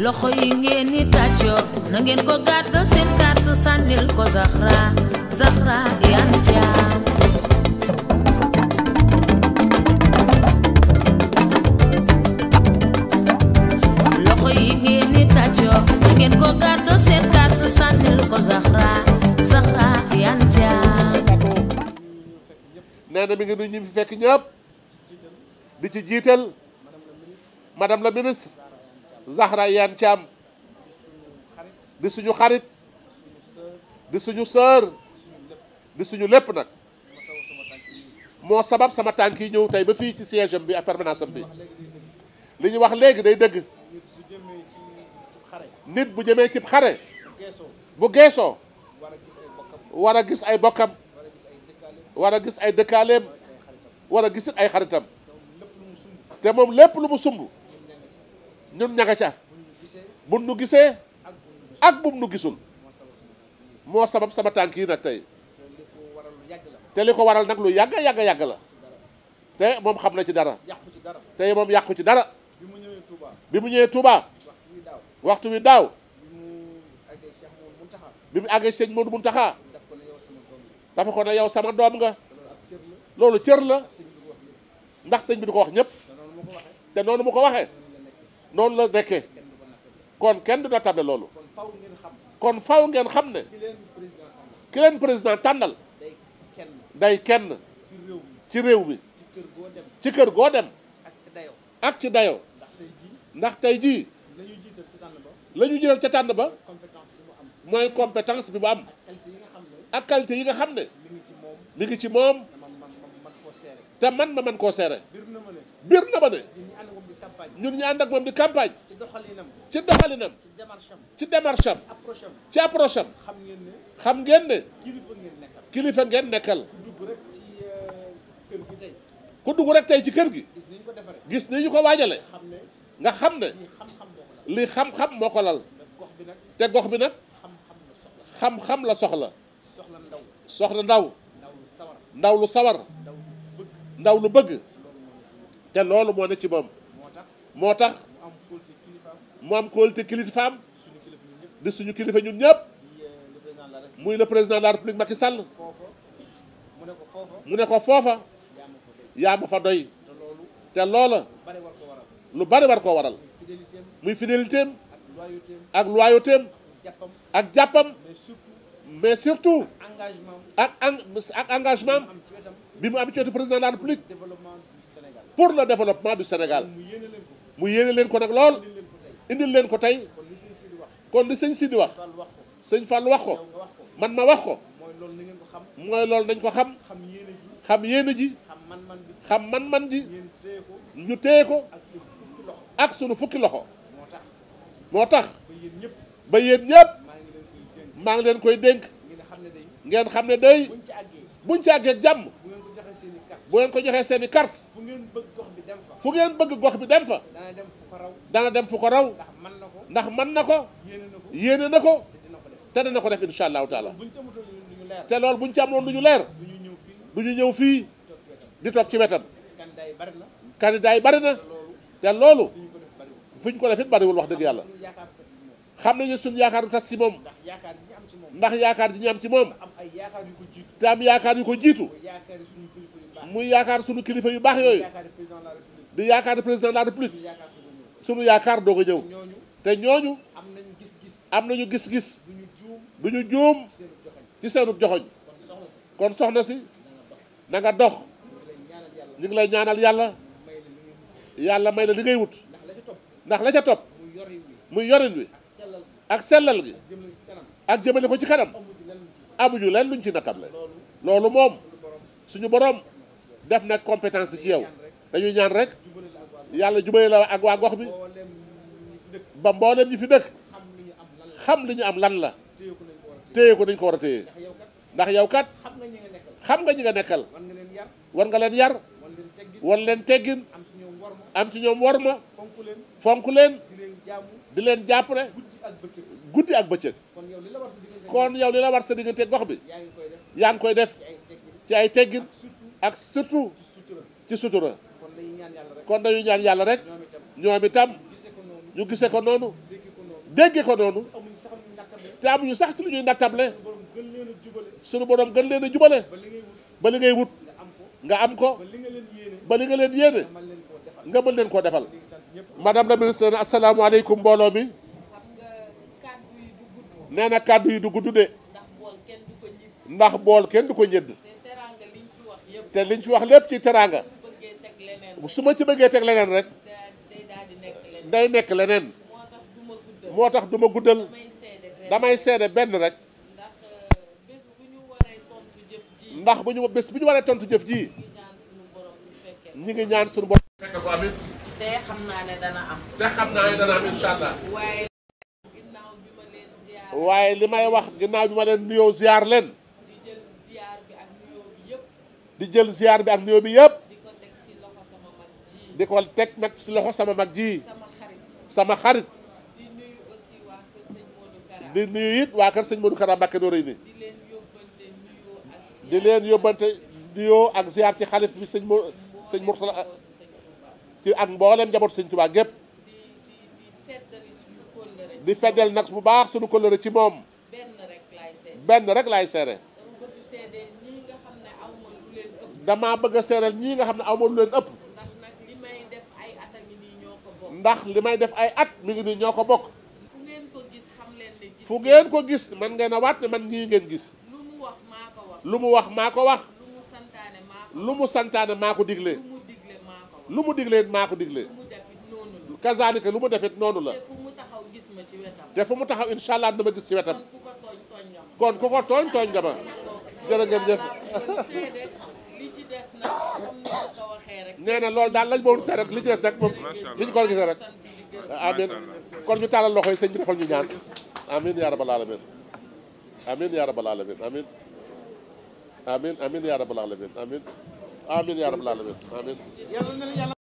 loxo yi ngeen tàccoo na ko gàddo seen kàddu sànnil ko Zahra Zahra Iyane Thiam loxo ngeen ni fi fekk ñëpp di ci jiital madame la ministre Zahra Iyane Thiam di suñu xarit di suñu sœur di suñu lépp nag moo sabab sama tànk yi ñëw tey ba fii ci siège bi ak permanence am bi li wax léegi day dëgg nit bu jëmee cib xare bu geesoo war a gis ay bokkam war a gis ay dëkkaaleem war a gisit ay xaritam te moom lépp lu mu sumb ñun ña nga ca bu nu gisee ak bu nu gisul moo sabab sama tànk yi nag tey te li ko waral nag lu yàgg yàgg yàgg la te moom xam na ci dara te moom yàqu ci dara bi mu ñëwee Touba waxtu wi daaw bi mu àggee sëñ Modou Mountakha dafa ko ne yow sama doom nga loolu cër la ndax sëñ bi du ko wax ñëpp te noonu mu ko waxee. noonu la nekkee kon kenn du na table loolu kon faw ngeen xam ne ki leen président tànnal day kenn ci réew mi ci kër goo dem ak ci dayoo ndax tey jii la ñu jëlal ca tànn ba mooy compétence bi mu am ak qualité yi nga xam ne mi ngi ci moom te man ma mën koo seere biir na ma ne ñun ñu ànd ak moom di campagne ci doxalinam ci doxalinam ci démarche am ci approche xam ngeen ne kilifa ngeen nekkal eh, ku dugg rek tey ci kër gi gis ni ñu ko waajale nga xam ne li xam-xam moo ko lal te gox bi nag xam-xam la soxla soxla ndaw ndaw lu sawar ndaw lu bëgg te loolu moo ne ci moom moo tax mu am kóolute kilifaam di suñu kilifa ñun ñëpp muy le président de la république Macky Sall ko foofa yaa ma fa te loola lu bari war koo waral muy fidélité ak loyauté ak jàppam mais surtout ak ak bi mu habitué président de la République pour le développement du Sénégal mu yéene leen ko nag lool indil leen ko tey kon li sëñ Sidi wax sëñ Fall wax ko man ma wax ko mooy loolu dañ ko xam xam yéene ji xam man-man ji ñu téye ko ak sunu fukki loxo moo tax ba yéen ñëpp maa ngi leen koy dénk ngeen xam ne day buñ ci àggee jàmm bu leen ko joxee seeni carte fu ngeen bëgg gox bi dem fa dem fa dana dem fu ko raw dana dem ko ndax man na ko ndax na ko yéene na ko te dana ko def insha allahu taala te loolu buñ ci amoon lu ñu leer du ñu ñëw fii di toog ci wetam candidat yi bari na te loolu fuñ ko def it bariwul wax dëgg yàlla xam nañu suñu yaakaar tas ci moom ndax yaakaar ji ñu am ci moom te am yaakaar yu ko jiitu muy yaakaar sunu kilifa yu baax yooyu di yaakaar président de la république sunu yaakaar doog a ñëw te ñooñu am nañu gis-gis du ñu juum ci seenub joxoñ kon soxna si na nga dox ñu ngi lay ñaanal yàlla yàlla may la li ngay wut ndax la ca topp muy yorin wi ak sellal gi ak jëmale ko ci kanam amuñu leen luñ ci nattam la loolu moom suñu borom def na compétence ci yow dañuy ñaan rek yàlla jubale la ak waa gox bi ba mboolem ñi fi dëkk xam li ñu am lan la téye ko dañ ko war a téye ndax yow kat xam nga ñi nga nekkal war nga leen yar war leen teggin am ci ñoom war ma fonk leen di leen jàppale guddi ak bëccëg kon yow li la war sa diggante gox bi yaa ngi koy def ci ay teggin ak surtout ci sutura kon dañuy ñaan yàlla rek ñoom itam ñu gisee ko noonu dégge ko noonu te amuñu sax ci lu ñuy nattable suñu borom gën leen a jubale ba li ngay wut nga am ko ba li nga leen yéene nga mën leen koo defal madame la ministre nee na asalaamaaleykum mbooloo mi nee na kàddu yi du gudd de ndax bool kenn du ko ñëdd te liñ ci wax lépp ci teraanga su ma ci bëggee teg leneen rek day nekk leneen moo tax du ma guddal damay seede benn rek ndax bu ñu bés bu ñu waree tontu jëf ji ñu ngi ñaan suñu borom te xam naa ne dana am te allah waaye li may wax ginnaaw bi ma leen nuyoo ziar leen di jël ziar bi ak nuyoo bi yëpp di ko teg nag ci loxo sama mag ji sama xarit di nuyu it waa kër sëñ Modou Kara Mbacké Noreyni di leen yóbbante nuyoo ak ziar ci xalif bi sëñ Mo ci ak mboolem njaboot sëñ Tuubaa gépp di feddal nag bu baax suñu kóllëre ci moom benn rek laay seere dama bëgg a seeral ñii nga xam ne amul leen ëpp. ndax li may def ay at a ngi nii ñoo ko bokk. ndax li may fu ngeen ko gis man ngeen a waat ne man ñii ngeen gis. lu mu wax maa ko wax. lu mu wax maa ko wax. lu mu santaane maa ko digle. lu mu digle maa ko wax. digle. lu noonu la. kazaalika lu mu defit noonu la. te fu mu taxaw gis dama gis ci wetam. kon ku ko tooñ tooñ nga ma. kon ngeen jëf nee na loolu daal lañ moon seet rek li ci des nag moom li ñu ko gisee rek amin kon ñu tàllal loxo yi sëñ bi defal ñu ñaan amin yaa rabbal alamin amin yaa rabbal alamin amin amin amin yaa rabbal alamin amin amin amin